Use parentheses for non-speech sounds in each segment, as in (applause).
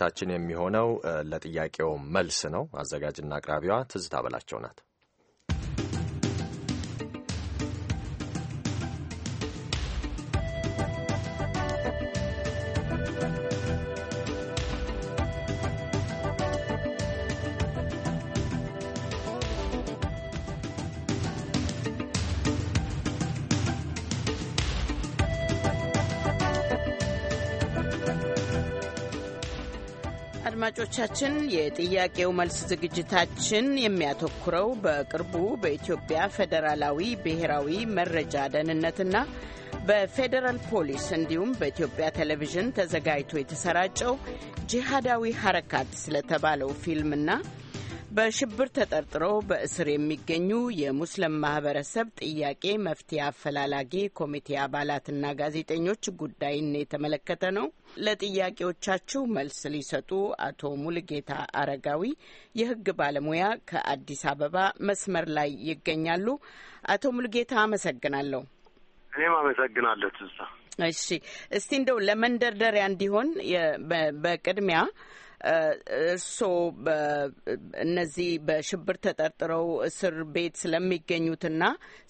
ዝግጅታችን የሚሆነው ለጥያቄው መልስ ነው። አዘጋጅና አቅራቢዋ ትዝታ በላቸው ናት። አድማጮቻችን የጥያቄው መልስ ዝግጅታችን የሚያተኩረው በቅርቡ በኢትዮጵያ ፌዴራላዊ ብሔራዊ መረጃ ደህንነትና በፌዴራል ፖሊስ እንዲሁም በኢትዮጵያ ቴሌቪዥን ተዘጋጅቶ የተሰራጨው ጂሃዳዊ ሀረካት ስለተባለው ፊልምና በሽብር ተጠርጥረው በእስር የሚገኙ የሙስሊም ማህበረሰብ ጥያቄ መፍትሄ አፈላላጊ ኮሚቴ አባላትና ጋዜጠኞች ጉዳይን የተመለከተ ነው። ለጥያቄዎቻችሁ መልስ ሊሰጡ አቶ ሙልጌታ አረጋዊ የህግ ባለሙያ ከአዲስ አበባ መስመር ላይ ይገኛሉ። አቶ ሙልጌታ አመሰግናለሁ። እኔም አመሰግናለሁ ትዝታ። እሺ፣ እስቲ እንደው ለመንደርደሪያ እንዲሆን በቅድሚያ እርስዎ እነዚህ በሽብር ተጠርጥረው እስር ቤት ስለሚገኙትና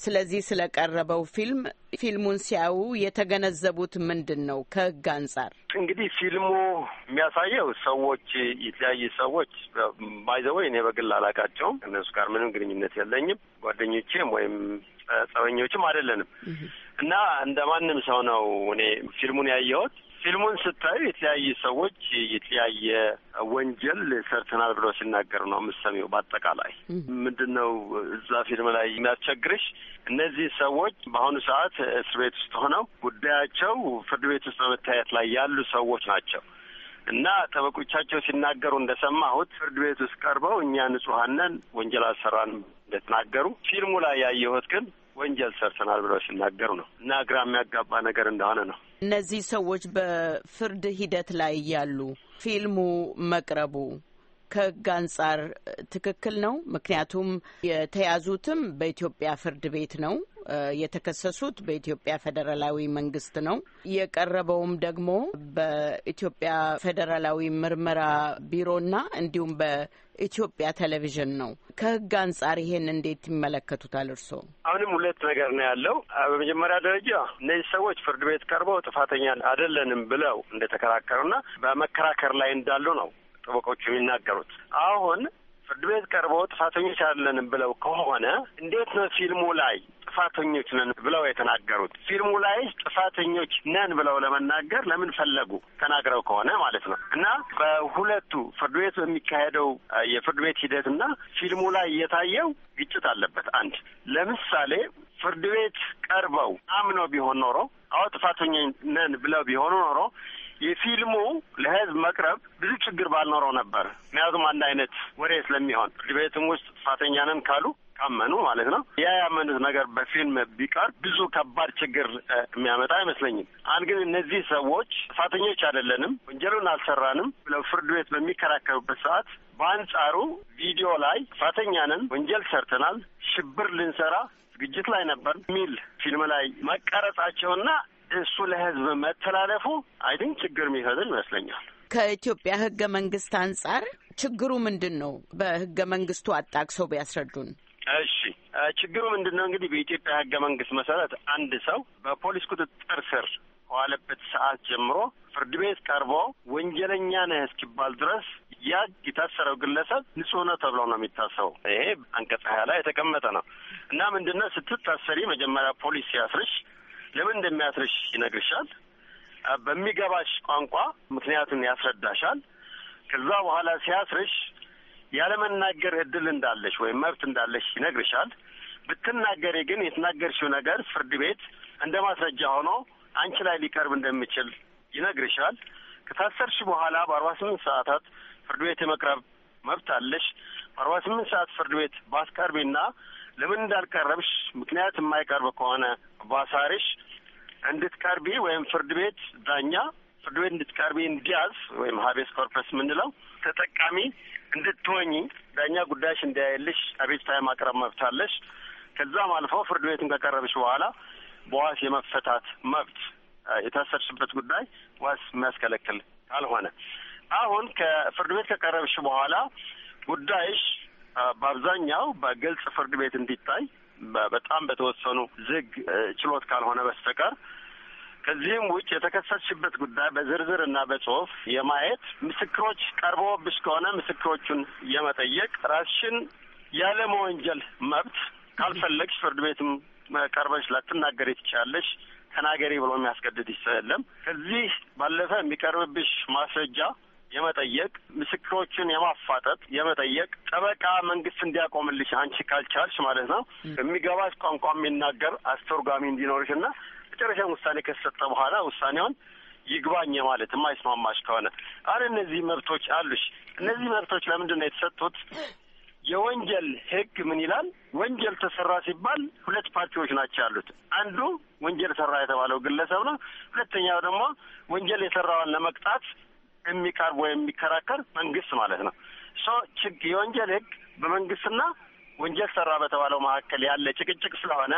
ስለዚህ ስለቀረበው ፊልም ፊልሙን ሲያዩ የተገነዘቡት ምንድን ነው? ከህግ አንጻር እንግዲህ ፊልሙ የሚያሳየው ሰዎች የተለያዩ ሰዎች ባይዘወይ እኔ በግል አላቃቸውም። እነሱ ጋር ምንም ግንኙነት የለኝም። ጓደኞቼም ወይም ጸበኞችም አይደለንም እና እንደ ማንም ሰው ነው እኔ ፊልሙን ያየሁት ፊልሙን ስታዩ የተለያየ ሰዎች የተለያየ ወንጀል ሰርተናል ብለው ሲናገር ነው የምሰሚው። በአጠቃላይ ምንድን ነው እዛ ፊልም ላይ የሚያስቸግርሽ? እነዚህ ሰዎች በአሁኑ ሰዓት እስር ቤት ውስጥ ሆነው ጉዳያቸው ፍርድ ቤት ውስጥ በመታየት ላይ ያሉ ሰዎች ናቸው እና ጠበቆቻቸው ሲናገሩ እንደሰማሁት ፍርድ ቤት ውስጥ ቀርበው እኛ ንጹሐን ነን፣ ወንጀል አልሰራንም እንደተናገሩ ፊልሙ ላይ ያየሁት ግን ወንጀል ሰርተናል ብለው ሲናገሩ ነው እና ግራ የሚያጋባ ነገር እንደሆነ ነው። እነዚህ ሰዎች በፍርድ ሂደት ላይ እያሉ ፊልሙ መቅረቡ ከህግ አንጻር ትክክል ነው። ምክንያቱም የተያዙትም በኢትዮጵያ ፍርድ ቤት ነው። የተከሰሱት በኢትዮጵያ ፌዴራላዊ መንግስት ነው። የቀረበውም ደግሞ በኢትዮጵያ ፌዴራላዊ ምርመራ ቢሮና እንዲሁም በኢትዮጵያ ቴሌቪዥን ነው። ከህግ አንጻር ይሄን እንዴት ይመለከቱታል እርስዎ? አሁንም ሁለት ነገር ነው ያለው። በመጀመሪያ ደረጃ እነዚህ ሰዎች ፍርድ ቤት ቀርበው ጥፋተኛ አይደለንም ብለው እንደተከራከሩና በመከራከር ላይ እንዳሉ ነው ጠበቆቹ የሚናገሩት አሁን ፍርድ ቤት ቀርቦ ጥፋተኞች አለን ብለው ከሆነ እንዴት ነው ፊልሙ ላይ ጥፋተኞች ነን ብለው የተናገሩት? ፊልሙ ላይ ጥፋተኞች ነን ብለው ለመናገር ለምን ፈለጉ? ተናግረው ከሆነ ማለት ነው። እና በሁለቱ ፍርድ ቤት በሚካሄደው የፍርድ ቤት ሂደትና ፊልሙ ላይ የታየው ግጭት አለበት። አንድ ለምሳሌ ፍርድ ቤት ቀርበው አምነው ቢሆን ኖሮ አዎ ጥፋተኞች ነን ብለው ቢሆኑ ኖሮ የፊልሙ ለህዝብ መቅረብ ብዙ ችግር ባልኖረው ነበር። ምክንያቱም አንድ አይነት ወሬ ስለሚሆን ቤትም ውስጥ ጥፋተኛ ነን ካሉ ካመኑ ማለት ነው። ያ ያመኑት ነገር በፊልም ቢቀር ብዙ ከባድ ችግር የሚያመጣ አይመስለኝም። አንድ ግን እነዚህ ሰዎች ጥፋተኞች አይደለንም፣ ወንጀሉን አልሰራንም ብለው ፍርድ ቤት በሚከራከሩበት ሰዓት በአንጻሩ ቪዲዮ ላይ ጥፋተኛ ነን፣ ወንጀል ሰርተናል፣ ሽብር ልንሰራ ዝግጅት ላይ ነበር የሚል ፊልም ላይ መቀረጻቸውና እሱ ለህዝብ መተላለፉ አይድን ችግር የሚፈጥር ይመስለኛል። ከኢትዮጵያ ህገ መንግስት አንጻር ችግሩ ምንድን ነው? በህገ መንግስቱ አጣቅሰው ቢያስረዱን። እሺ ችግሩ ምንድን ነው? እንግዲህ በኢትዮጵያ ህገ መንግስት መሰረት አንድ ሰው በፖሊስ ቁጥጥር ስር ከዋለበት ሰዓት ጀምሮ ፍርድ ቤት ቀርቦ ወንጀለኛ ነህ እስኪባል ድረስ ያ የታሰረው ግለሰብ ንጹህ ነው ተብሎ ነው የሚታሰበው። ይሄ አንቀጽ ሀያ ላይ የተቀመጠ ነው እና ምንድነው ስትታሰሪ መጀመሪያ ፖሊስ ሲያስርሽ ለምን እንደሚያስርሽ ይነግርሻል። በሚገባሽ ቋንቋ ምክንያቱን ያስረዳሻል። ከዛ በኋላ ሲያስርሽ ያለመናገር እድል እንዳለሽ ወይም መብት እንዳለሽ ይነግርሻል። ብትናገሪ ግን የተናገርሽው ነገር ፍርድ ቤት እንደ ማስረጃ ሆኖ አንቺ ላይ ሊቀርብ እንደሚችል ይነግርሻል። ከታሰርሽ በኋላ በአርባ ስምንት ሰዓታት ፍርድ ቤት የመቅረብ መብት አለሽ። በአርባ ስምንት ሰዓት ፍርድ ቤት ባስቀርቢና ለምን እንዳልቀረብሽ ምክንያት የማይቀርብ ከሆነ ባሳርሽ እንድትቀርቢ ወይም ፍርድ ቤት ዳኛ ፍርድ ቤት እንድትቀርቢ እንዲያዝ ወይም ሀቤስ ኮርፐስ የምንለው ተጠቃሚ እንድትሆኝ ዳኛ ጉዳይሽ እንዲያየልሽ አቤቱታ የማቅረብ መብት አለሽ። ከዛም አልፎ ፍርድ ቤቱን ከቀረብሽ በኋላ በዋስ የመፈታት መብት የታሰርሽበት ጉዳይ ዋስ የሚያስከለክል ካልሆነ አሁን ከፍርድ ቤት ከቀረብሽ በኋላ ጉዳይሽ በአብዛኛው በግልጽ ፍርድ ቤት እንዲታይ በጣም በተወሰኑ ዝግ ችሎት ካልሆነ በስተቀር ከዚህም ውጭ የተከሰስሽበት ጉዳይ በዝርዝር እና በጽሁፍ የማየት ምስክሮች ቀርበውብሽ ከሆነ ምስክሮቹን የመጠየቅ ራስሽን ያለ መወንጀል መብት ካልፈለግሽ ፍርድ ቤትም ቀርበሽ ላትናገሪ ትችላለሽ። ተናገሪ ብሎ የሚያስገድድ ይሰለም ከዚህ ባለፈ የሚቀርብብሽ ማስረጃ የመጠየቅ ምስክሮችን የማፋጠጥ የመጠየቅ ጠበቃ መንግስት እንዲያቆምልሽ አንቺ ካልቻልሽ ማለት ነው የሚገባሽ ቋንቋ የሚናገር አስተርጓሚ እንዲኖርሽ እና መጨረሻ ውሳኔ ከተሰጠ በኋላ ውሳኔውን ይግባኝ ማለት የማይስማማሽ ከሆነ አረ እነዚህ መብቶች አሉሽ። እነዚህ መብቶች ለምንድን ነው የተሰጡት? የወንጀል ህግ ምን ይላል? ወንጀል ተሰራ ሲባል ሁለት ፓርቲዎች ናቸው ያሉት። አንዱ ወንጀል ሰራ የተባለው ግለሰብ ነው። ሁለተኛው ደግሞ ወንጀል የሰራዋን ለመቅጣት የሚቀርብ ወይም የሚከራከር መንግስት ማለት ነው። ሶ የወንጀል ህግ በመንግስትና ወንጀል ሰራ በተባለው መካከል ያለ ጭቅጭቅ ስለሆነ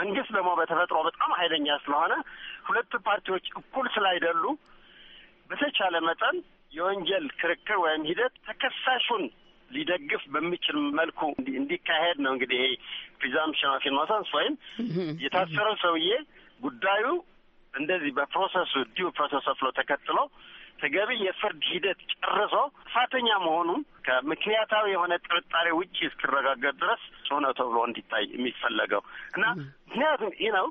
መንግስት ደግሞ በተፈጥሮ በጣም ኃይለኛ ስለሆነ ሁለቱ ፓርቲዎች እኩል ስላይደሉ በተቻለ መጠን የወንጀል ክርክር ወይም ሂደት ተከሳሹን ሊደግፍ በሚችል መልኩ እንዲካሄድ ነው እንግዲህ ይሄ ፕሪዛምፕሽን ኦፍ ኢኖሰንስ ወይም የታሰረው ሰውዬ ጉዳዩ እንደዚህ በፕሮሰሱ ዲው ፕሮሰስ ኦፍ ተከትሎ ተገቢ የፍርድ ሂደት ጨርሶ ጥፋተኛ መሆኑ ከምክንያታዊ የሆነ ጥርጣሬ ውጭ እስኪረጋገጥ ድረስ ሆነ ተብሎ እንዲታይ የሚፈለገው እና ምክንያቱም ይህ ነው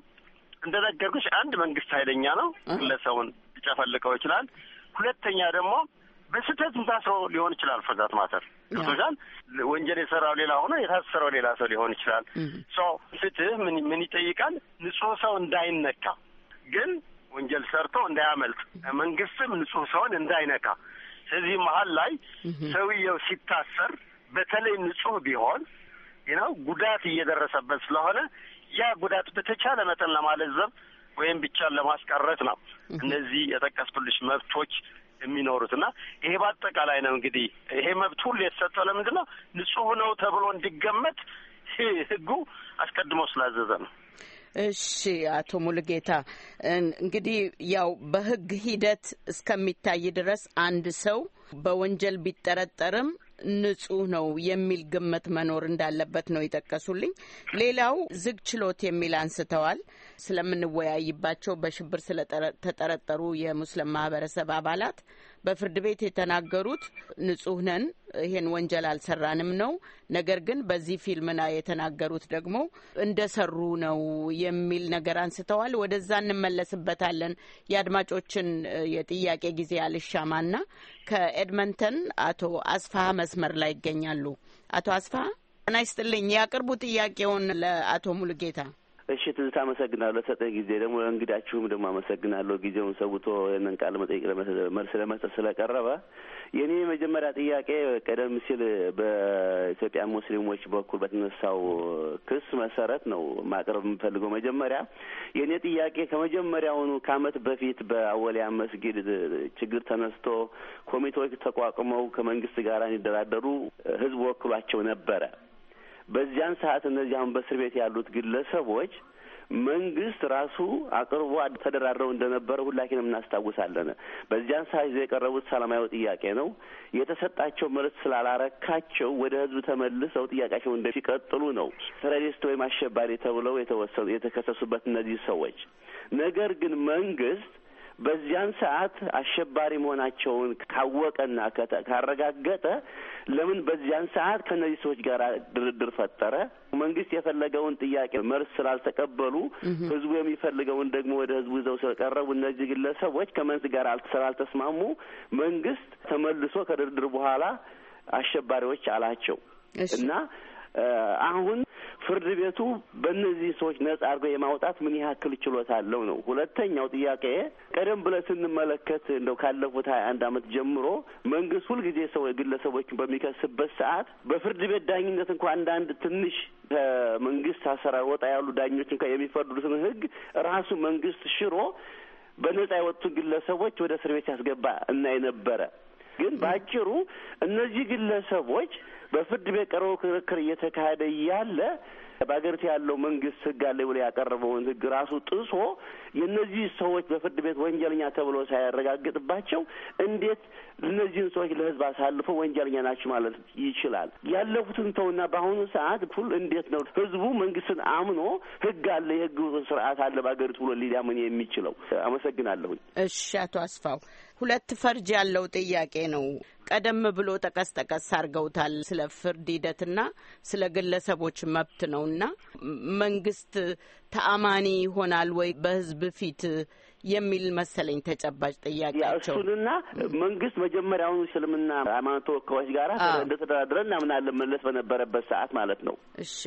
እንደነገርኩሽ አንድ መንግስት ኃይለኛ ነው፣ ግለሰቡን ሊጨፈልቀው ይችላል። ሁለተኛ ደግሞ በስህተት ታስሮ ሊሆን ይችላል። ፍርዳት ማተር ቶዛን ወንጀል የሰራው ሌላ ሆኖ የታሰረው ሌላ ሰው ሊሆን ይችላል። ሰው ፍትህ ምን ምን ይጠይቃል? ንጹህ ሰው እንዳይነካ ግን ወንጀል ሰርቶ እንዳያመልጥ፣ መንግስትም ንጹህ ሰውን እንዳይነካ። ስለዚህ መሀል ላይ ሰውየው ሲታሰር በተለይ ንጹህ ቢሆን ነው ጉዳት እየደረሰበት ስለሆነ ያ ጉዳት በተቻለ መጠን ለማለዘብ ወይም ብቻን ለማስቀረት ነው እነዚህ የጠቀስኩልሽ መብቶች የሚኖሩት እና ይሄ በአጠቃላይ ነው። እንግዲህ ይሄ መብት ሁሉ የተሰጠው ለምንድን ነው? ንጹህ ነው ተብሎ እንዲገመት ህጉ አስቀድሞ ስላዘዘ ነው። እሺ አቶ ሙሉጌታ እንግዲህ ያው በህግ ሂደት እስከሚታይ ድረስ አንድ ሰው በወንጀል ቢጠረጠርም ንጹህ ነው የሚል ግምት መኖር እንዳለበት ነው የጠቀሱልኝ። ሌላው ዝግ ችሎት የሚል አንስተዋል። ስለምንወያይባቸው በሽብር ስለተጠረጠሩ የሙስሊም ማህበረሰብ አባላት በፍርድ ቤት የተናገሩት ንጹህ ነን፣ ይሄን ወንጀል አልሰራንም ነው። ነገር ግን በዚህ ፊልምና የተናገሩት ደግሞ እንደሰሩ ነው የሚል ነገር አንስተዋል። ወደዛ እንመለስበታለን። የአድማጮችን የጥያቄ ጊዜ አልሻማና ከኤድመንተን አቶ አስፋ መስመር ላይ ይገኛሉ። አቶ አስፋ ጤና ይስጥልኝ። ያቅርቡ ጥያቄውን ለአቶ ሙሉጌታ። እሺ ትዝታ አመሰግናለሁ። ሰጠኝ ጊዜ ደግሞ እንግዳችሁም ደግሞ አመሰግናለሁ። ጊዜውን ሰውቶ ይህንን ቃል መጠይቅ መልስ ለመስጠት ስለቀረበ የእኔ የመጀመሪያ ጥያቄ ቀደም ሲል በኢትዮጵያ ሙስሊሞች በኩል በተነሳው ክስ መሰረት ነው ማቅረብ የምፈልገው። መጀመሪያ የእኔ ጥያቄ ከመጀመሪያውኑ ከአመት በፊት በአወሊያ መስጊድ ችግር ተነስቶ ኮሚቴዎች ተቋቁመው ከመንግስት ጋር እንዲደራደሩ ህዝብ ወክሏቸው ነበረ። በዚያን ሰዓት እነዚያም በእስር ቤት ያሉት ግለሰቦች መንግስት ራሱ አቅርቦ ተደራድረው እንደነበረ ሁላችንም እናስታውሳለን። በዚያን ሰዓት ይዘው የቀረቡት ሰላማዊ ጥያቄ ነው። የተሰጣቸው መልስ ስላላረካቸው ወደ ህዝብ ተመልሰው ጥያቄያቸው እንደሚቀጥሉ ነው ቴሮሪስት ወይም አሸባሪ ተብለው የተወሰኑ የተከሰሱበት እነዚህ ሰዎች ነገር ግን መንግስት በዚያን ሰዓት አሸባሪ መሆናቸውን ካወቀና ካረጋገጠ ለምን በዚያን ሰዓት ከእነዚህ ሰዎች ጋር ድርድር ፈጠረ? መንግስት የፈለገውን ጥያቄ መልስ ስላልተቀበሉ ህዝቡ የሚፈልገውን ደግሞ ወደ ህዝቡ ይዘው ስለቀረቡ እነዚህ ግለሰቦች ከመንግስት ጋር ስላልተስማሙ መንግስት ተመልሶ ከድርድር በኋላ አሸባሪዎች አላቸው እና አሁን ፍርድ ቤቱ በእነዚህ ሰዎች ነጻ አድርጎ የማውጣት ምን ያክል ችሎታ አለው ነው። ሁለተኛው ጥያቄ ቀደም ብለን ስንመለከት እንደው ካለፉት ሀያ አንድ አመት ጀምሮ መንግስት ሁልጊዜ ሰው ግለሰቦችን በሚከስበት ሰዓት በፍርድ ቤት ዳኝነት እንኳ አንዳንድ ትንሽ ከመንግስት አሰራር ወጣ ያሉ ዳኞች እንኳ የሚፈርዱትን ህግ ራሱ መንግስት ሽሮ በነጻ የወጡ ግለሰቦች ወደ እስር ቤት ያስገባ እናይ ነበረ። ግን በአጭሩ እነዚህ ግለሰቦች በፍርድ ቤት ቀርቦ ክርክር እየተካሄደ እያለ በሀገሪቱ ያለው መንግስት ህግ አለ ብሎ ያቀረበውን ህግ ራሱ ጥሶ የእነዚህ ሰዎች በፍርድ ቤት ወንጀለኛ ተብሎ ሳያረጋግጥባቸው እንዴት እነዚህን ሰዎች ለህዝብ አሳልፎ ወንጀለኛ ናቸው ማለት ይችላል? ያለፉትን ተውና በአሁኑ ሰዓት ፉል እንዴት ነው ህዝቡ መንግስትን አምኖ ህግ አለ የህግ ስርዓት አለ በሀገሪቱ ብሎ ሊዳምን የሚችለው? አመሰግናለሁኝ። እሺ፣ አቶ አስፋው ሁለት ፈርጅ ያለው ጥያቄ ነው። ቀደም ብሎ ጠቀስ ጠቀስ አድርገውታል። ስለ ፍርድ ሂደትና ስለ ግለሰቦች መብት ነውና መንግስት ተአማኒ ይሆናል ወይ በህዝብ ፊት የሚል መሰለኝ ተጨባጭ ጥያቄያቸው እሱንና መንግስት መጀመሪያውኑ እስልምና ሃይማኖት ተወካዮች ጋር እንደተደራደረ እናምናለን መለስ በነበረበት ሰዓት ማለት ነው።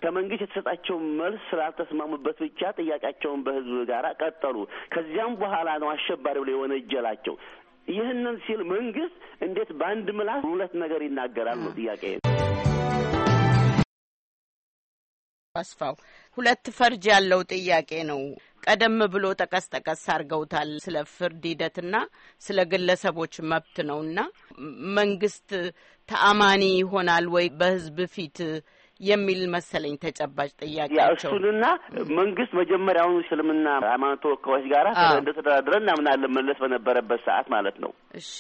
ከመንግስት የተሰጣቸው መልስ ስላልተስማሙበት ብቻ ጥያቄያቸውን በህዝብ ጋር ቀጠሉ። ከዚያም በኋላ ነው አሸባሪ ብሎ የወነጀላቸው። ይህንን ሲል መንግስት እንዴት በአንድ ምላስ ሁለት ነገር ይናገራል ነው ጥያቄ። አስፋው ሁለት ፈርጅ ያለው ጥያቄ ነው። ቀደም ብሎ ጠቀስ ጠቀስ አድርገውታል። ስለ ፍርድ ሂደትና ስለ ግለሰቦች መብት ነውና መንግስት ተአማኒ ይሆናል ወይ በህዝብ ፊት የሚል መሰለኝ ተጨባጭ ጥያቄያቸው። እሱንና መንግስት መጀመሪያውኑ እስልምና ሃይማኖት ተወካዮች ጋር እንደተደራደረ እናምናለን መለስ በነበረበት ሰዓት ማለት ነው።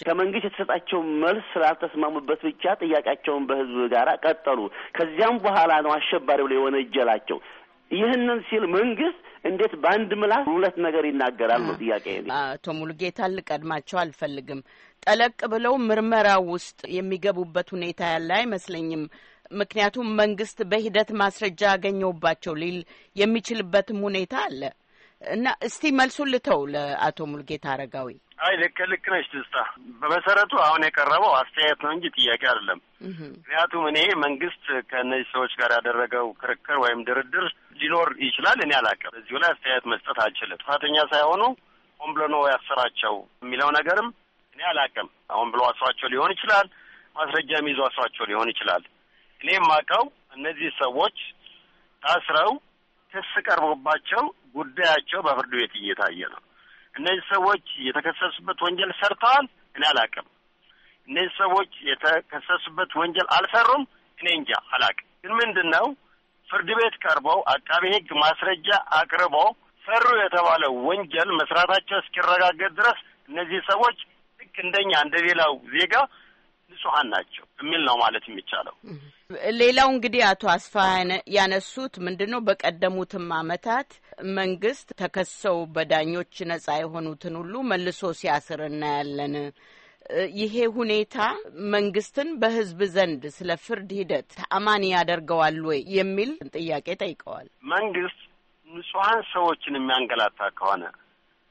ከመንግስት የተሰጣቸው መልስ ስላልተስማሙበት ብቻ ጥያቄያቸውን በህዝብ ጋር ቀጠሉ። ከዚያም በኋላ ነው አሸባሪ ብሎ የወነጀላቸው። ይህንን ሲል መንግስት እንዴት በአንድ ምላስ ሁለት ነገር ይናገራል? ነው ጥያቄ። አቶ ሙሉጌታ ልቀድማቸው አልፈልግም። ጠለቅ ብለው ምርመራው ውስጥ የሚገቡበት ሁኔታ ያለ አይመስለኝም። ምክንያቱም መንግስት በሂደት ማስረጃ ያገኘውባቸው ሊል የሚችልበትም ሁኔታ አለ እና እስቲ መልሱ ልተው ለአቶ ሙልጌታ አረጋዊ። አይ ልክ ልክ ነች ትስታ። በመሰረቱ አሁን የቀረበው አስተያየት ነው እንጂ ጥያቄ አይደለም። ምክንያቱም እኔ መንግስት ከእነዚህ ሰዎች ጋር ያደረገው ክርክር ወይም ድርድር ሊኖር ይችላል፣ እኔ አላውቅም። በዚሁ ላይ አስተያየት መስጠት አልችልም። ጥፋተኛ ሳይሆኑ ሆን ብሎ ነው ያሰራቸው የሚለው ነገርም እኔ አላውቅም። አሁን ብሎ አስሯቸው ሊሆን ይችላል፣ ማስረጃ የሚይዙ አስሯቸው ሊሆን ይችላል። እኔ የማውቀው እነዚህ ሰዎች ታስረው ክስ ቀርቦባቸው ጉዳያቸው በፍርድ ቤት እየታየ ነው። እነዚህ ሰዎች የተከሰሱበት ወንጀል ሰርተዋል፣ እኔ አላውቅም። እነዚህ ሰዎች የተከሰሱበት ወንጀል አልሰሩም፣ እኔ እንጃ አላውቅም። ግን ምንድን ነው ፍርድ ቤት ቀርበው አቃቤ ሕግ ማስረጃ አቅርቦ ሰሩ የተባለው ወንጀል መስራታቸው እስኪረጋገጥ ድረስ እነዚህ ሰዎች ልክ እንደኛ እንደሌላው ዜጋ ንጹሀን ናቸው የሚል ነው ማለት የሚቻለው። ሌላው እንግዲህ አቶ አስፋ ያነሱት ምንድን ነው በቀደሙትም አመታት መንግስት ተከሰው በዳኞች ነጻ የሆኑትን ሁሉ መልሶ ሲያስር እናያለን። ይሄ ሁኔታ መንግስትን በህዝብ ዘንድ ስለ ፍርድ ሂደት ተአማኒ ያደርገዋል ወይ የሚል ጥያቄ ጠይቀዋል። መንግስት ንጹሀን ሰዎችን የሚያንገላታ ከሆነ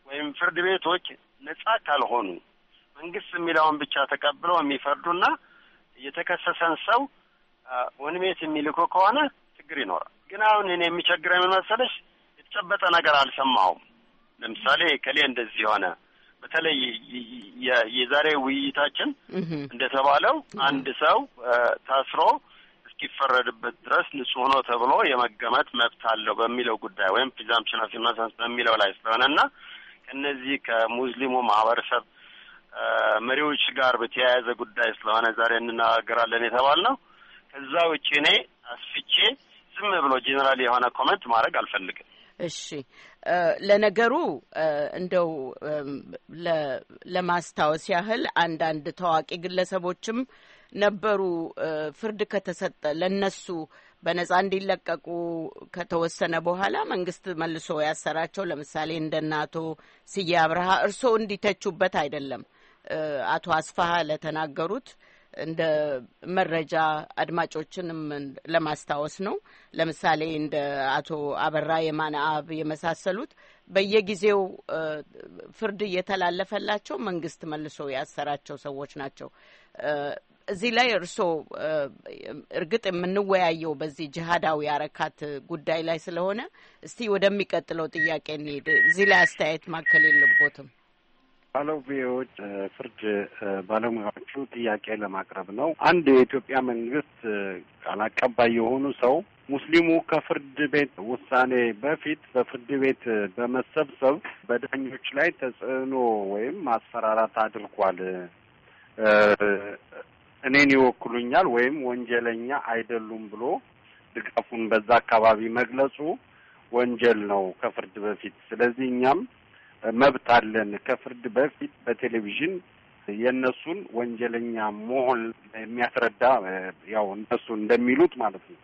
ወይም ፍርድ ቤቶች ነጻ ካልሆኑ መንግስት የሚለውን ብቻ ተቀብለው የሚፈርዱና የተከሰሰን ሰው ወህኒ ቤት የሚልኮ ከሆነ ችግር ይኖራል። ግን አሁን እኔ የሚቸግረኝ ምን መሰለሽ፣ የተጨበጠ ነገር አልሰማሁም። ለምሳሌ ከሌ እንደዚህ የሆነ በተለይ የዛሬ ውይይታችን እንደተባለው አንድ ሰው ታስሮ እስኪፈረድበት ድረስ ንጹህ ነው ተብሎ የመገመት መብት አለው በሚለው ጉዳይ ወይም ፕሪዛምፕሽን ኦፍ ኢኖሰንስ በሚለው ላይ ስለሆነ እና ከነዚህ ከሙስሊሙ ማህበረሰብ መሪዎች ጋር በተያያዘ ጉዳይ ስለሆነ ዛሬ እንነጋገራለን የተባልነው። ከዛ ውጭ እኔ አስፍቼ ዝም ብሎ ጄኔራል የሆነ ኮመንት ማድረግ አልፈልግም። እሺ፣ ለነገሩ እንደው ለማስታወስ ያህል አንዳንድ ታዋቂ ግለሰቦችም ነበሩ ፍርድ ከተሰጠ ለነሱ በነጻ እንዲለቀቁ ከተወሰነ በኋላ መንግስት መልሶ ያሰራቸው። ለምሳሌ እንደ አቶ ስዬ አብርሃ እርስዎ እንዲተቹበት አይደለም አቶ አስፋሀ ለተናገሩት እንደ መረጃ አድማጮችንም ለማስታወስ ነው። ለምሳሌ እንደ አቶ አበራ የማነ አብ የመሳሰሉት በየጊዜው ፍርድ እየተላለፈላቸው መንግስት መልሶ ያሰራቸው ሰዎች ናቸው። እዚህ ላይ እርስዎ እርግጥ የምንወያየው በዚህ ጅሃዳዊ አረካት ጉዳይ ላይ ስለሆነ እስቲ ወደሚቀጥለው ጥያቄ እንሄድ። እዚህ ላይ አስተያየት ማከል የለቦትም። ቪዎች ፍርድ ባለሙያዎቹ ጥያቄ ለማቅረብ ነው። አንድ የኢትዮጵያ መንግስት ቃል አቀባይ የሆኑ ሰው ሙስሊሙ ከፍርድ ቤት ውሳኔ በፊት በፍርድ ቤት በመሰብሰብ በዳኞች ላይ ተጽዕኖ ወይም ማስፈራራት አድርጓል፣ እኔን ይወክሉኛል ወይም ወንጀለኛ አይደሉም ብሎ ድጋፉን በዛ አካባቢ መግለጹ ወንጀል ነው ከፍርድ በፊት። ስለዚህ እኛም መብት አለን። ከፍርድ በፊት በቴሌቪዥን የእነሱን ወንጀለኛ መሆን የሚያስረዳ ያው እነሱ እንደሚሉት ማለት ነው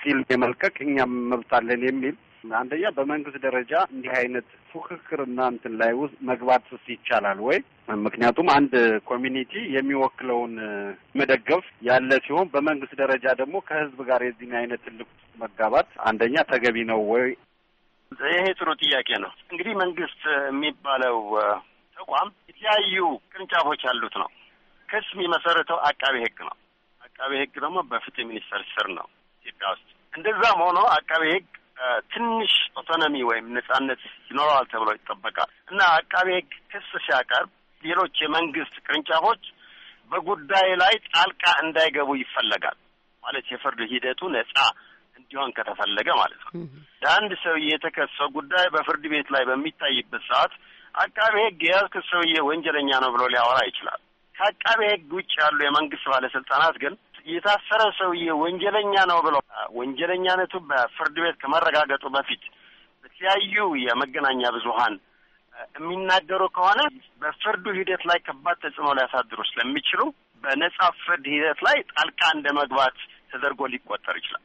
ፊልም የመልቀቅ እኛም መብት አለን የሚል አንደኛ፣ በመንግስት ደረጃ እንዲህ አይነት ፉክክርና እንትን ላይ ውስጥ መግባት ስ ይቻላል ወይ? ምክንያቱም አንድ ኮሚኒቲ የሚወክለውን መደገፍ ያለ ሲሆን በመንግስት ደረጃ ደግሞ ከህዝብ ጋር የዚህን አይነት ትልቅ መጋባት አንደኛ ተገቢ ነው ወይ ይሄ ጥሩ ጥያቄ ነው። እንግዲህ መንግስት የሚባለው ተቋም የተለያዩ ቅርንጫፎች ያሉት ነው። ክስ የሚመሰረተው አቃቤ ህግ ነው። አቃቤ ህግ ደግሞ በፍትህ ሚኒስቴር ስር ነው ኢትዮጵያ ውስጥ። እንደዛም ሆኖ አቃቤ ህግ ትንሽ ኦቶኖሚ ወይም ነጻነት ይኖረዋል ተብሎ ይጠበቃል እና አቃቤ ህግ ክስ ሲያቀርብ ሌሎች የመንግስት ቅርንጫፎች በጉዳይ ላይ ጣልቃ እንዳይገቡ ይፈለጋል። ማለት የፍርድ ሂደቱ ነጻ እንዲሆን ከተፈለገ ማለት ነው። ለአንድ ሰውዬ የተከሰው ጉዳይ በፍርድ ቤት ላይ በሚታይበት ሰዓት አቃቤ ሕግ የያዝክ ሰውዬ ወንጀለኛ ነው ብሎ ሊያወራ ይችላል። ከአቃቤ ሕግ ውጭ ያሉ የመንግስት ባለስልጣናት ግን የታሰረ ሰውዬ ወንጀለኛ ነው ብሎ ወንጀለኛነቱ በፍርድ ቤት ከመረጋገጡ በፊት በተለያዩ የመገናኛ ብዙሀን የሚናገሩ ከሆነ በፍርዱ ሂደት ላይ ከባድ ተጽዕኖ ሊያሳድሩ ስለሚችሉ በነጻ ፍርድ ሂደት ላይ ጣልቃ እንደ መግባት ተደርጎ ሊቆጠር ይችላል።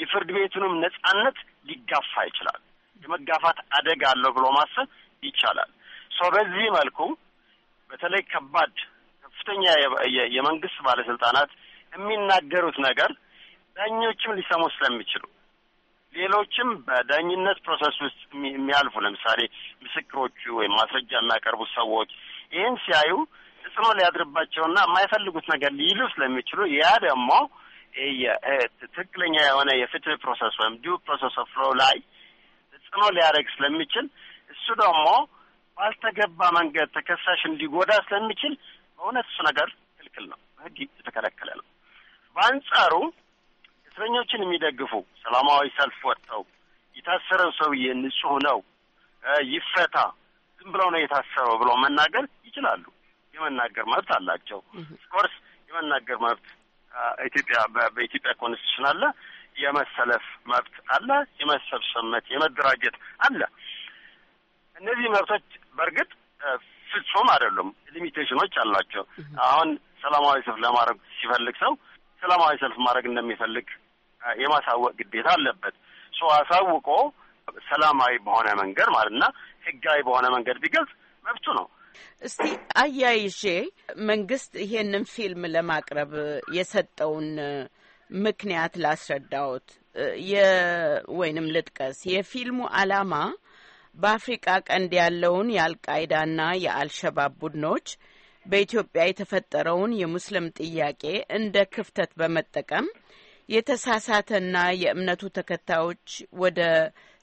የፍርድ ቤቱንም ነጻነት ሊጋፋ ይችላል። የመጋፋት አደጋ አለው ብሎ ማሰብ ይቻላል። ሶ በዚህ መልኩ በተለይ ከባድ ከፍተኛ የመንግስት ባለስልጣናት የሚናገሩት ነገር ዳኞችም ሊሰሙ ስለሚችሉ ሌሎችም በዳኝነት ፕሮሰስ ውስጥ የሚያልፉ ለምሳሌ ምስክሮቹ ወይም ማስረጃ የሚያቀርቡ ሰዎች ይህን ሲያዩ ተጽዕኖ ሊያድርባቸውና የማይፈልጉት ነገር ሊይሉ ስለሚችሉ ያ ደግሞ ትክክለኛ የሆነ የፍትህ ፕሮሰስ ወይም ዲው ፕሮሰስ ኦፍ ሎ ላይ ተጽዕኖ ሊያደርግ ስለሚችል እሱ ደግሞ ባልተገባ መንገድ ተከሳሽ እንዲጎዳ ስለሚችል በእውነት እሱ ነገር ክልክል ነው፣ በህግ የተከለከለ ነው። በአንጻሩ እስረኞችን የሚደግፉ ሰላማዊ ሰልፍ ወጥተው የታሰረው ሰውዬ ንጹህ ነው ይፈታ፣ ዝም ብለው ነው የታሰረው ብለው መናገር ይችላሉ። የመናገር መብት አላቸው። ኦፍኮርስ የመናገር መብት ኢትዮጵያ በኢትዮጵያ ኮንስቲቱሽን አለ። የመሰለፍ መብት አለ። የመሰብሰብ መብት፣ የመደራጀት አለ። እነዚህ መብቶች በእርግጥ ፍጹም አይደሉም፣ ሊሚቴሽኖች አሏቸው። አሁን ሰላማዊ ሰልፍ ለማድረግ ሲፈልግ ሰው ሰላማዊ ሰልፍ ማድረግ እንደሚፈልግ የማሳወቅ ግዴታ አለበት። ሰው አሳውቆ ሰላማዊ በሆነ መንገድ ማለትና ህጋዊ በሆነ መንገድ ቢገልጽ መብቱ ነው። እስቲ አያይዤ መንግስት ይሄንን ፊልም ለማቅረብ የሰጠውን ምክንያት ላስረዳዎት ወይንም ልጥቀስ። የፊልሙ አላማ በአፍሪቃ ቀንድ ያለውን የአልቃይዳና የአልሸባብ ቡድኖች በኢትዮጵያ የተፈጠረውን የሙስሊም ጥያቄ እንደ ክፍተት በመጠቀም የተሳሳተና የእምነቱ ተከታዮች ወደ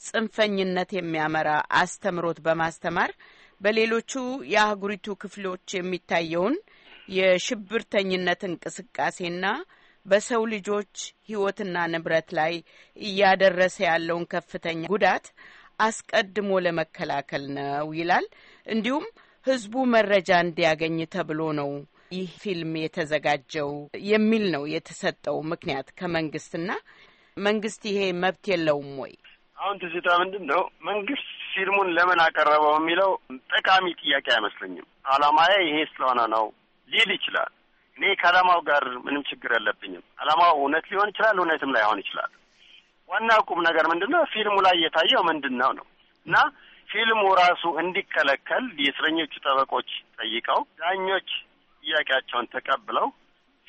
ጽንፈኝነት የሚያመራ አስተምሮት በማስተማር በሌሎቹ የአህጉሪቱ ክፍሎች የሚታየውን የሽብርተኝነት እንቅስቃሴና በሰው ልጆች ሕይወትና ንብረት ላይ እያደረሰ ያለውን ከፍተኛ ጉዳት አስቀድሞ ለመከላከል ነው ይላል። እንዲሁም ሕዝቡ መረጃ እንዲያገኝ ተብሎ ነው ይህ ፊልም የተዘጋጀው የሚል ነው የተሰጠው ምክንያት ከመንግስትና መንግስት ይሄ መብት የለውም ወይ? አሁን ትዝታ ምንድን ነው መንግስት ፊልሙን ለምን አቀረበው የሚለው ጠቃሚ ጥያቄ አይመስለኝም። አላማዬ ይሄ ስለሆነ ነው ሊል ይችላል። እኔ ከአላማው ጋር ምንም ችግር የለብኝም። አላማው እውነት ሊሆን ይችላል፣ እውነትም ላይሆን ይችላል። ዋና ቁም ነገር ምንድን ነው? ፊልሙ ላይ የታየው ምንድን ነው ነው እና ፊልሙ ራሱ እንዲከለከል የእስረኞቹ ጠበቆች ጠይቀው ዳኞች ጥያቄያቸውን ተቀብለው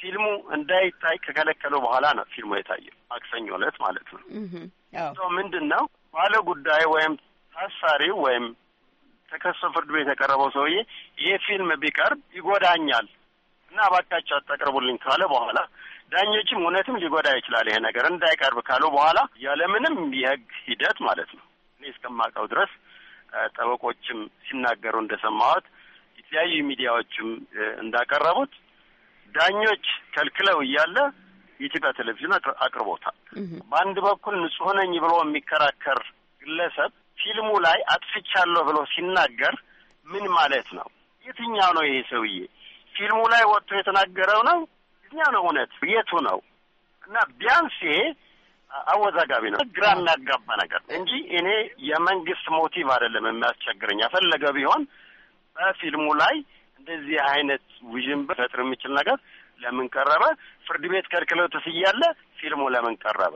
ፊልሙ እንዳይታይ ከከለከሉ በኋላ ነው ፊልሙ የታየው ማክሰኞ ዕለት ማለት ነው። ምንድን ነው ባለ ጉዳይ ወይም ታሳሪው ወይም ተከሶ ፍርድ ቤት የቀረበው ሰውዬ ይህ ፊልም ቢቀርብ ይጎዳኛል እና እባካችሁ አታቅርቡልኝ ካለ በኋላ ዳኞችም እውነትም ሊጎዳ ይችላል ይሄ ነገር እንዳይቀርብ ካሉ በኋላ ያለምንም የህግ ሂደት ማለት ነው። እኔ እስከማውቀው ድረስ ጠበቆችም ሲናገሩ እንደሰማሁት የተለያዩ ሚዲያዎችም እንዳቀረቡት ዳኞች ከልክለው እያለ የኢትዮጵያ ቴሌቪዥን አቅርቦታል። በአንድ በኩል ንጹህ ነኝ ብሎ የሚከራከር ግለሰብ ፊልሙ ላይ አጥፍቻለሁ ብሎ ሲናገር ምን ማለት ነው? የትኛው ነው ይሄ ሰውዬ? ፊልሙ ላይ ወጥቶ የተናገረው ነው? የትኛው ነው እውነት? የቱ ነው? እና ቢያንስ ይሄ አወዛጋቢ ነው፣ ግራ የሚያጋባ ነገር እንጂ እኔ የመንግስት ሞቲቭ አይደለም የሚያስቸግረኝ። ያፈለገ ቢሆን በፊልሙ ላይ እንደዚህ አይነት ውዥንብር ፈጥር የሚችል ነገር ለምን ቀረበ? ፍርድ ቤት ከልክለው ትስያለ ፊልሙ ለምን ቀረበ?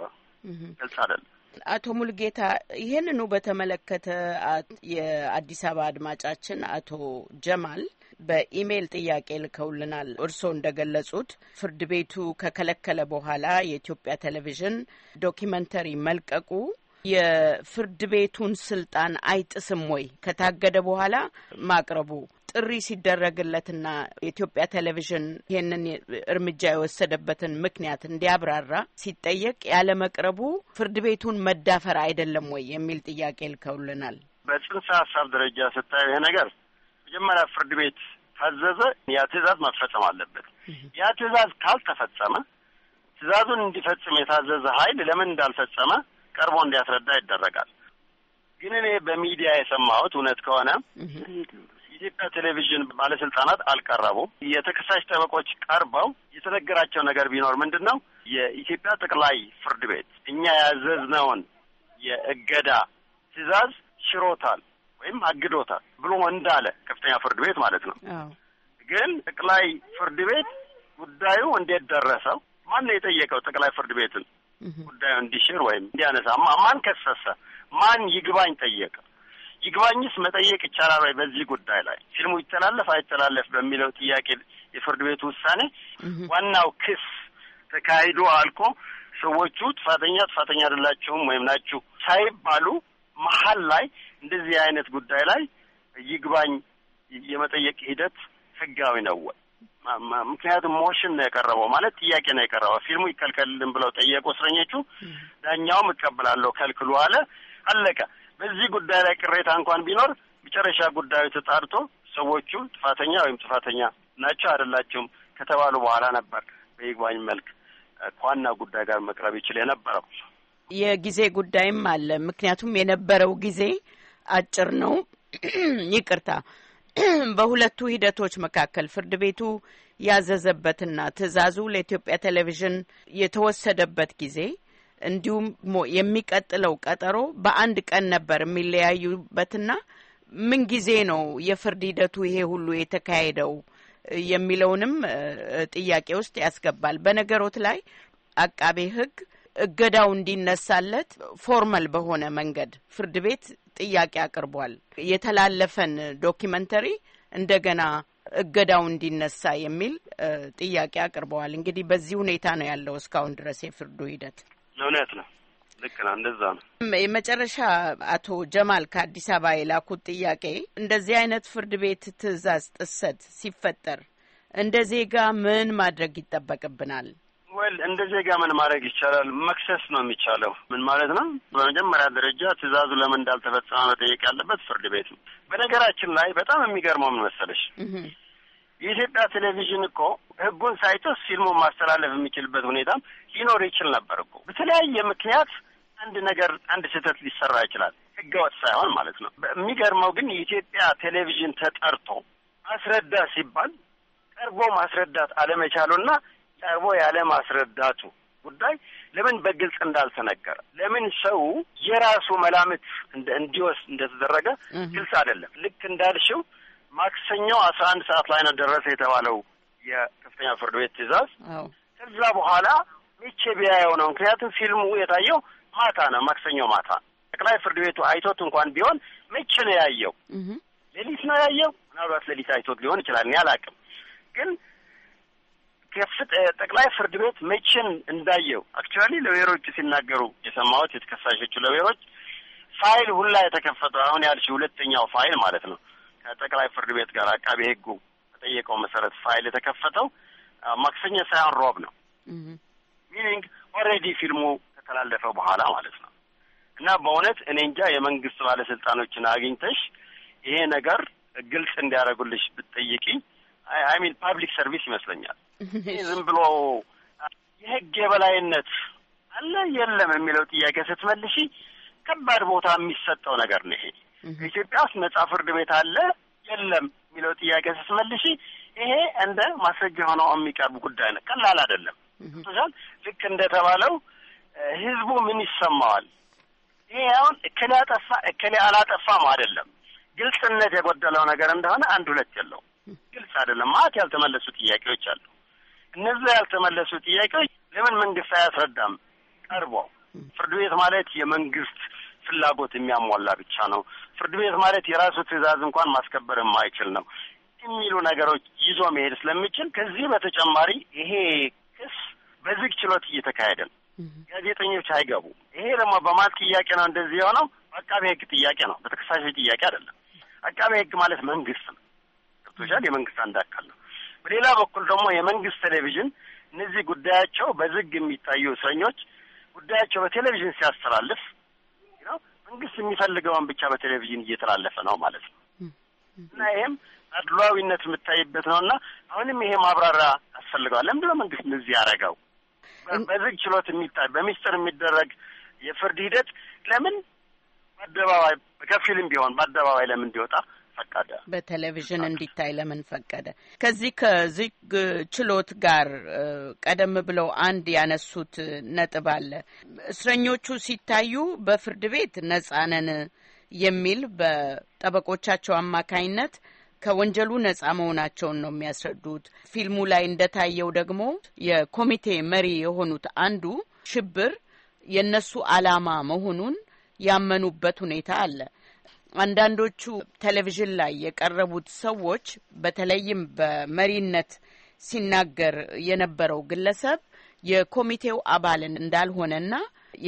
ግልጽ አይደለም። አቶ ሙልጌታ ይህንኑ በተመለከተ የአዲስ አበባ አድማጫችን አቶ ጀማል በኢሜይል ጥያቄ ልከውልናል። እርስዎ እንደገለጹት ፍርድ ቤቱ ከከለከለ በኋላ የኢትዮጵያ ቴሌቪዥን ዶኪመንተሪ መልቀቁ የፍርድ ቤቱን ስልጣን አይጥስም ወይ? ከታገደ በኋላ ማቅረቡ ጥሪ ሲደረግለትና የኢትዮጵያ ቴሌቪዥን ይህንን እርምጃ የወሰደበትን ምክንያት እንዲያብራራ ሲጠየቅ ያለመቅረቡ ፍርድ ቤቱን መዳፈር አይደለም ወይ የሚል ጥያቄ ልከውልናል። በጽንሰ ሀሳብ ደረጃ ስታየው ይሄ ነገር መጀመሪያ ፍርድ ቤት ታዘዘ። ያ ትዕዛዝ መፈጸም አለበት። ያ ትዕዛዝ ካልተፈጸመ ትዕዛዙን እንዲፈጽም የታዘዘ ኃይል ለምን እንዳልፈጸመ ቀርቦ እንዲያስረዳ ይደረጋል። ግን እኔ በሚዲያ የሰማሁት እውነት ከሆነ የኢትዮጵያ ቴሌቪዥን ባለስልጣናት አልቀረቡም። የተከሳሽ ጠበቆች ቀርበው የተነገራቸው ነገር ቢኖር ምንድን ነው? የኢትዮጵያ ጠቅላይ ፍርድ ቤት እኛ ያዘዝነውን የእገዳ ትዕዛዝ ሽሮታል ወይም አግዶታል ብሎ እንዳለ ከፍተኛ ፍርድ ቤት ማለት ነው። ግን ጠቅላይ ፍርድ ቤት ጉዳዩ እንዴት ደረሰው? ማን ነው የጠየቀው ጠቅላይ ፍርድ ቤትን? ጉዳዩ እንዲሽር ወይም እንዲያነሳ ማን ከሰሰ? ማን ይግባኝ ጠየቀ? ይግባኝስ መጠየቅ ይቻላል ወይ? በዚህ ጉዳይ ላይ ፊልሙ ይተላለፍ አይተላለፍ በሚለው ጥያቄ የፍርድ ቤቱ ውሳኔ ዋናው ክስ ተካሂዶ አልቆ ሰዎቹ ጥፋተኛ ጥፋተኛ አይደላችሁም ወይም ናችሁ ሳይባሉ መሀል ላይ እንደዚህ አይነት ጉዳይ ላይ ይግባኝ የመጠየቅ ሂደት ህጋዊ ነው ወይ? ምክንያቱም ሞሽን ነው የቀረበው፣ ማለት ጥያቄ ነው የቀረበው። ፊልሙ ይከልከልልን ብለው ጠየቁ እስረኞቹ። ዳኛውም እቀበላለሁ ከልክሉ አለ። አለቀ። በዚህ ጉዳይ ላይ ቅሬታ እንኳን ቢኖር መጨረሻ ጉዳዩ ተጣርቶ ሰዎቹ ጥፋተኛ ወይም ጥፋተኛ ናቸው አይደላቸውም ከተባሉ በኋላ ነበር በይግባኝ መልክ ከዋና ጉዳይ ጋር መቅረብ ይችል የነበረው። የጊዜ ጉዳይም አለ። ምክንያቱም የነበረው ጊዜ አጭር ነው። (clears throat) ይቅርታ (clears throat) በሁለቱ ሂደቶች መካከል ፍርድ ቤቱ ያዘዘበትና ትዕዛዙ ለኢትዮጵያ ቴሌቪዥን የተወሰደበት ጊዜ እንዲሁም የሚቀጥለው ቀጠሮ በአንድ ቀን ነበር የሚለያዩበትና ምን ጊዜ ነው የፍርድ ሂደቱ ይሄ ሁሉ የተካሄደው የሚለውንም ጥያቄ ውስጥ ያስገባል። በነገሮት ላይ አቃቤ ሕግ እገዳው እንዲነሳለት ፎርመል በሆነ መንገድ ፍርድ ቤት ጥያቄ አቅርቧል። የተላለፈን ዶኪመንተሪ እንደገና እገዳው እንዲነሳ የሚል ጥያቄ አቅርበዋል። እንግዲህ በዚህ ሁኔታ ነው ያለው እስካሁን ድረስ የፍርዱ ሂደት። እውነት ነው፣ ልክ ነው፣ እንደዛ ነው። የመጨረሻ አቶ ጀማል ከአዲስ አበባ የላኩት ጥያቄ እንደዚህ አይነት ፍርድ ቤት ትዕዛዝ ጥሰት ሲፈጠር እንደ ዜጋ ምን ማድረግ ይጠበቅብናል? ወል እንደ ዜጋ ምን ማድረግ ይቻላል? መክሰስ ነው የሚቻለው። ምን ማለት ነው? በመጀመሪያ ደረጃ ትዕዛዙ ለምን እንዳልተፈጸመ መጠየቅ ያለበት ፍርድ ቤት ነው። በነገራችን ላይ በጣም የሚገርመው ምን መሰለሽ፣ የኢትዮጵያ ቴሌቪዥን እኮ ህጉን ሳይጥስ ፊልሙን ማስተላለፍ የሚችልበት ሁኔታም ሊኖር ይችል ነበር እኮ። በተለያየ ምክንያት አንድ ነገር አንድ ስህተት ሊሰራ ይችላል፣ ህገወጥ ሳይሆን ማለት ነው። የሚገርመው ግን የኢትዮጵያ ቴሌቪዥን ተጠርቶ አስረዳ ሲባል ቀርቦ ማስረዳት አለመቻሉና ቀርቦ ያለ ማስረዳቱ ጉዳይ ለምን በግልጽ እንዳልተነገረ ለምን ሰው የራሱ መላምት እንዲወስድ እንደተደረገ ግልጽ አይደለም። ልክ እንዳልሽው ማክሰኞ አስራ አንድ ሰዓት ላይ ነው ደረሰ የተባለው የከፍተኛ ፍርድ ቤት ትዕዛዝ። ከዛ በኋላ ሜቼ ቢያየው ነው። ምክንያቱም ፊልሙ የታየው ማታ ነው፣ ማክሰኞ ማታ ጠቅላይ ፍርድ ቤቱ አይቶት እንኳን ቢሆን መቼ ነው ያየው? ሌሊት ነው ያየው። ምናልባት ሌሊት አይቶት ሊሆን ይችላል፣ እኔ አላውቅም። ግን ጠቅላይ ፍርድ ቤት መቼን እንዳየው አክቹዋሊ ለዌሮቹ ሲናገሩ የሰማሁት የተከሳሾቹ ለዌሮች ፋይል ሁላ የተከፈተው አሁን ያልሽ ሁለተኛው ፋይል ማለት ነው። ከጠቅላይ ፍርድ ቤት ጋር አቃቤ ህጉ በጠየቀው መሰረት ፋይል የተከፈተው ማክሰኞ ሳይሆን ሮብ ነው። ሚኒንግ ኦልሬዲ ፊልሙ ከተላለፈ በኋላ ማለት ነው። እና በእውነት እኔ እንጃ የመንግስት ባለስልጣኖችን አግኝተሽ ይሄ ነገር ግልጽ እንዲያደርጉልሽ ብትጠይቂ አይሚን ፓብሊክ ሰርቪስ ይመስለኛል። ዝም ብሎ የህግ የበላይነት አለ የለም የሚለው ጥያቄ ስትመልሺ ከባድ ቦታ የሚሰጠው ነገር ነው። ይሄ ኢትዮጵያ ውስጥ ነጻ ፍርድ ቤት አለ የለም የሚለው ጥያቄ ስትመልሺ ይሄ እንደ ማስረጃ ሆነው የሚቀርብ ጉዳይ ነው። ቀላል አይደለም። ቶሻል ልክ እንደተባለው ህዝቡ ምን ይሰማዋል? ይሄ አሁን እከሌ አጠፋ እከሌ አላጠፋም አይደለም። ግልጽነት የጎደለው ነገር እንደሆነ አንድ ሁለት የለው። አይደለም። ማት ያልተመለሱ ጥያቄዎች አሉ። እነዚህ ያልተመለሱ ጥያቄዎች ለምን መንግስት አያስረዳም? ቀርቦ ፍርድ ቤት ማለት የመንግስት ፍላጎት የሚያሟላ ብቻ ነው። ፍርድ ቤት ማለት የራሱ ትዕዛዝ እንኳን ማስከበር የማይችል ነው የሚሉ ነገሮች ይዞ መሄድ ስለሚችል ከዚህ በተጨማሪ ይሄ ክስ በዝግ ችሎት እየተካሄደ ነው። ጋዜጠኞች አይገቡ። ይሄ ደግሞ በማን ጥያቄ ነው እንደዚህ የሆነው? በአቃቤ ሕግ ጥያቄ ነው፣ በተከሳሽ ጥያቄ አይደለም። አቃቤ ሕግ ማለት መንግስት ነው። ሰጥቶሻል። የመንግስት አንድ አካል ነው። በሌላ በኩል ደግሞ የመንግስት ቴሌቪዥን እነዚህ ጉዳያቸው በዝግ የሚታዩ እስረኞች ጉዳያቸው በቴሌቪዥን ሲያስተላልፍ ነው መንግስት የሚፈልገውን ብቻ በቴሌቪዥን እየተላለፈ ነው ማለት ነው እና ይሄም አድሏዊነት የምታይበት ነው እና አሁንም ይሄ ማብራሪያ ያስፈልገዋል። ለምንድነው መንግስት እንደዚህ ያደረገው? በዝግ ችሎት የሚታይ በሚስጥር የሚደረግ የፍርድ ሂደት ለምን በአደባባይ በከፊልም ቢሆን በአደባባይ ለምን እንዲወጣ ፈቀደ? በቴሌቪዥን እንዲታይ ለምን ፈቀደ? ከዚህ ከዝግ ችሎት ጋር ቀደም ብለው አንድ ያነሱት ነጥብ አለ። እስረኞቹ ሲታዩ በፍርድ ቤት ነጻ ነን የሚል በጠበቆቻቸው አማካይነት ከወንጀሉ ነጻ መሆናቸውን ነው የሚያስረዱት። ፊልሙ ላይ እንደታየው ደግሞ የኮሚቴ መሪ የሆኑት አንዱ ሽብር የእነሱ ዓላማ መሆኑን ያመኑበት ሁኔታ አለ። አንዳንዶቹ ቴሌቪዥን ላይ የቀረቡት ሰዎች በተለይም በመሪነት ሲናገር የነበረው ግለሰብ የኮሚቴው አባልን እንዳልሆነና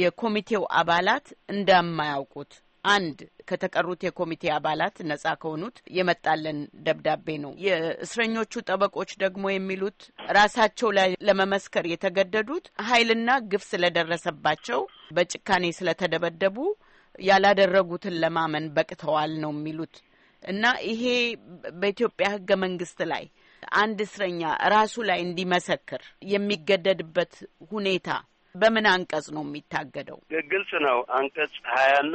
የኮሚቴው አባላት እንደማያውቁት አንድ ከተቀሩት የኮሚቴ አባላት ነጻ ከሆኑት የመጣለን ደብዳቤ ነው። የእስረኞቹ ጠበቆች ደግሞ የሚሉት ራሳቸው ላይ ለመመስከር የተገደዱት ኃይልና ግፍ ስለደረሰባቸው በጭካኔ ስለተደበደቡ ያላደረጉትን ለማመን በቅተዋል ነው የሚሉት እና ይሄ በኢትዮጵያ ህገ መንግስት ላይ አንድ እስረኛ ራሱ ላይ እንዲመሰክር የሚገደድበት ሁኔታ በምን አንቀጽ ነው የሚታገደው? ግልጽ ነው። አንቀጽ ሀያና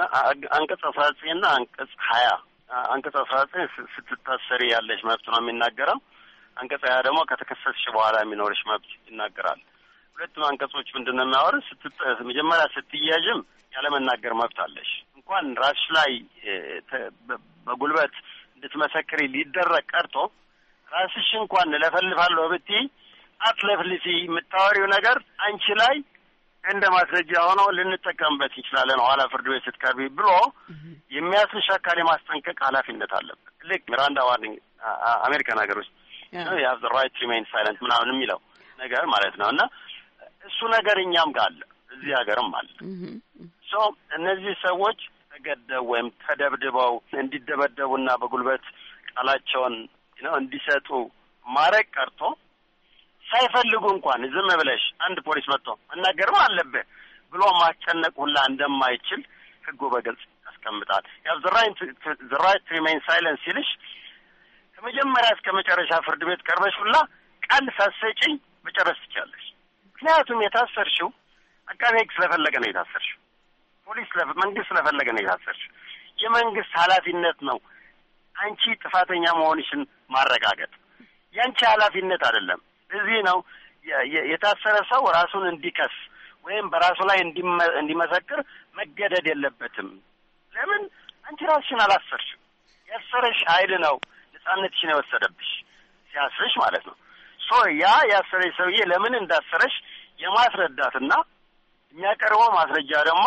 አንቀጽ አስራ ዘጠኝና አንቀጽ ሀያ አንቀጽ አስራ ዘጠኝ ስትታሰሪ ያለች መብት ነው የሚናገረው። አንቀጽ ሀያ ደግሞ ከተከሰስሽ በኋላ የሚኖርሽ መብት ይናገራል። ሁለቱም አንቀጾች ምንድን ነው የሚያወሩት? መጀመሪያ ስትያዥም ያለመናገር መብት አለሽ። እንኳን ራስሽ ላይ በጉልበት እንድትመሰክሪ ሊደረግ ቀርቶ ራስሽ እንኳን እለፈልፋለሁ ብትይ አትለፍልፊ። የምታወሪው ነገር አንቺ ላይ እንደ ማስረጃ ሆኖ ልንጠቀምበት እንችላለን፣ ኋላ ፍርድ ቤት ስትቀርቢ ብሎ የሚያስብሽ አካል የማስጠንቀቅ ኃላፊነት አለበት። ልክ ሚራንዳ ዋርኒንግ አሜሪካን ሀገር ውስጥ ያዝ ራይት ሪሜይን ሳይለንት ምናምን የሚለው ነገር ማለት ነው። እና እሱ ነገር እኛም ጋር አለ፣ እዚህ ሀገርም አለ። እነዚህ ሰዎች ተገደው ወይም ተደብድበው እንዲደበደቡና በጉልበት ቃላቸውን ነው እንዲሰጡ ማድረግ ቀርቶ ሳይፈልጉ እንኳን ዝም ብለሽ አንድ ፖሊስ መጥቶ መናገርም አለብህ ብሎ ማስጨነቅ ሁላ እንደማይችል ህጉ በግልጽ ያስቀምጣል። ያው ዘ ራይት ቱ ሪሜይን ሳይለንት ሲልሽ ከመጀመሪያ እስከ መጨረሻ ፍርድ ቤት ቀርበሽ ሁላ ቃል ሳትሰጪኝ መጨረስ ትችላለሽ። ምክንያቱም የታሰርሽው አቃቤ ህግ ስለፈለገ ነው የታሰርሽው። ፖሊስ መንግስት ስለፈለገ ነው የታሰርሽ። የመንግስት ኃላፊነት ነው አንቺ ጥፋተኛ መሆንሽን ማረጋገጥ። የአንቺ ኃላፊነት አይደለም። እዚህ ነው የታሰረ ሰው ራሱን እንዲከስ ወይም በራሱ ላይ እንዲመሰክር መገደድ የለበትም። ለምን አንቺ ራስሽን አላሰርሽም። ያሰረሽ ኃይል ነው ነጻነትሽን የወሰደብሽ ሲያስርሽ ማለት ነው። ሶ ያ ያሰረሽ ሰውዬ ለምን እንዳሰረሽ የማስረዳትና የሚያቀርበው ማስረጃ ደግሞ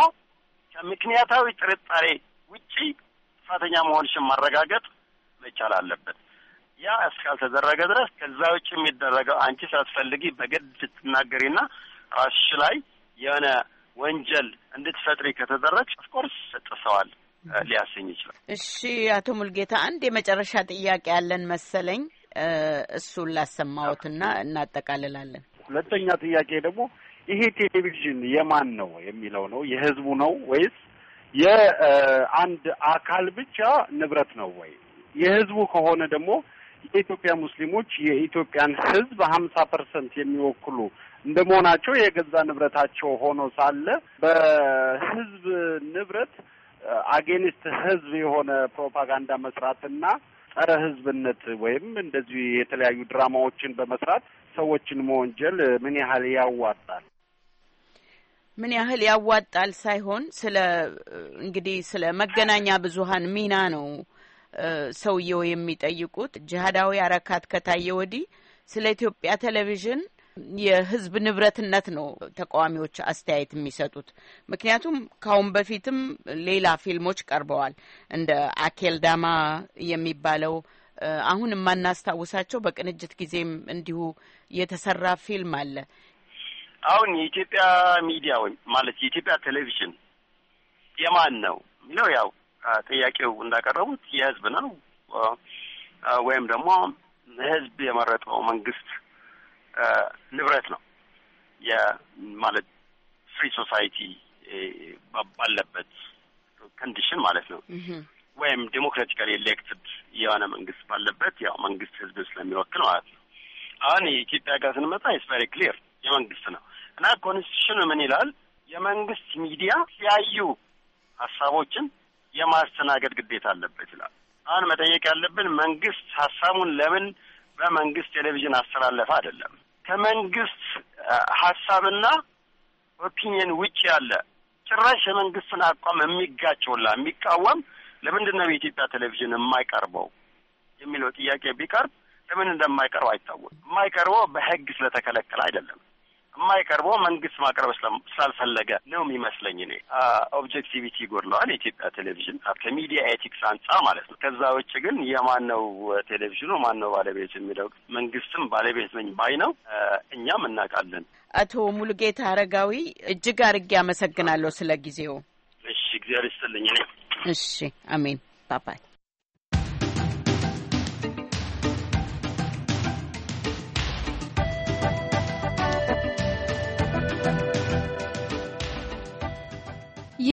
ከምክንያታዊ ጥርጣሬ ውጪ ጥፋተኛ መሆንሽን ማረጋገጥ መቻል አለበት። ያ እስካልተደረገ ድረስ ከዛ ውጭ የሚደረገው አንቺ ሳትፈልጊ በግድ ስትናገሪና ራስሽ ላይ የሆነ ወንጀል እንድትፈጥሪ ከተደረግ ኦፍኮርስ ሰጥሰዋል ሊያሰኝ ይችላል። እሺ አቶ ሙልጌታ አንድ የመጨረሻ ጥያቄ ያለን መሰለኝ፣ እሱን ላሰማዎትና እናጠቃልላለን። ሁለተኛ ጥያቄ ደግሞ ይሄ ቴሌቪዥን የማን ነው የሚለው ነው። የህዝቡ ነው ወይስ የአንድ አካል ብቻ ንብረት ነው ወይ? የህዝቡ ከሆነ ደግሞ የኢትዮጵያ ሙስሊሞች የኢትዮጵያን ህዝብ ሀምሳ ፐርሰንት የሚወክሉ እንደ መሆናቸው የገዛ ንብረታቸው ሆኖ ሳለ በህዝብ ንብረት አጌኒስት ህዝብ የሆነ ፕሮፓጋንዳ መስራትና ጸረ ህዝብነት ወይም እንደዚህ የተለያዩ ድራማዎችን በመስራት ሰዎችን መወንጀል ምን ያህል ያዋጣል? ምን ያህል ያዋጣል ሳይሆን ስለ እንግዲህ ስለ መገናኛ ብዙሀን ሚና ነው ሰውየው የሚጠይቁት። ጅሃዳዊ አረካት ከታየ ወዲህ ስለ ኢትዮጵያ ቴሌቪዥን የህዝብ ንብረትነት ነው ተቃዋሚዎች አስተያየት የሚሰጡት። ምክንያቱም ካሁን በፊትም ሌላ ፊልሞች ቀርበዋል እንደ አኬልዳማ የሚባለው አሁን የማናስታውሳቸው በቅንጅት ጊዜም እንዲሁ የተሰራ ፊልም አለ። አሁን የኢትዮጵያ ሚዲያ ወይም ማለት የኢትዮጵያ ቴሌቪዥን የማን ነው የሚለው ያው ጥያቄው እንዳቀረቡት የህዝብ ነው ወይም ደግሞ ህዝብ የመረጠው መንግስት ንብረት ነው ማለት ፍሪ ሶሳይቲ ባለበት ኮንዲሽን ማለት ነው ወይም ዴሞክራቲካሊ ኤሌክትድ የሆነ መንግስት ባለበት ያው መንግስት ህዝብ ስለሚወክል ማለት ነው። አሁን የኢትዮጵያ ጋር ስንመጣ ኢትስ ቬሪ ክሊር የመንግስት ነው። እና ኮንስቲቱሽን ምን ይላል? የመንግስት ሚዲያ ሲያዩ ሀሳቦችን የማስተናገድ ግዴታ አለበት ይላል። አሁን መጠየቅ ያለብን መንግስት ሀሳቡን ለምን በመንግስት ቴሌቪዥን አስተላለፈ አይደለም። ከመንግስት ሀሳብና ኦፒኒየን ውጭ ያለ ጭራሽ የመንግስትን አቋም የሚጋጭውላ የሚቃወም ለምንድን ነው የኢትዮጵያ ቴሌቪዥን የማይቀርበው የሚለው ጥያቄ ቢቀርብ ለምን እንደማይቀርበው አይታወቅም። የማይቀርበው በህግ ስለተከለከለ አይደለም። የማይቀርበው መንግስት ማቅረብ ስላልፈለገ ነው የሚመስለኝ። እኔ ኦብጀክቲቪቲ ጎድለዋል የኢትዮጵያ ቴሌቪዥን ከሚዲያ ኤቲክስ አንጻ ማለት ነው። ከዛ ውጭ ግን የማን ነው ቴሌቪዥኑ ማን ነው ባለቤት የሚለው መንግስትም ባለቤት ነኝ ባይ ነው፣ እኛም እናውቃለን። አቶ ሙሉጌታ አረጋዊ እጅግ አርጌ አመሰግናለሁ ስለ ጊዜው። እሺ፣ እግዚአብሔር ይስጥልኝ። እኔ እሺ፣ አሜን ባባይ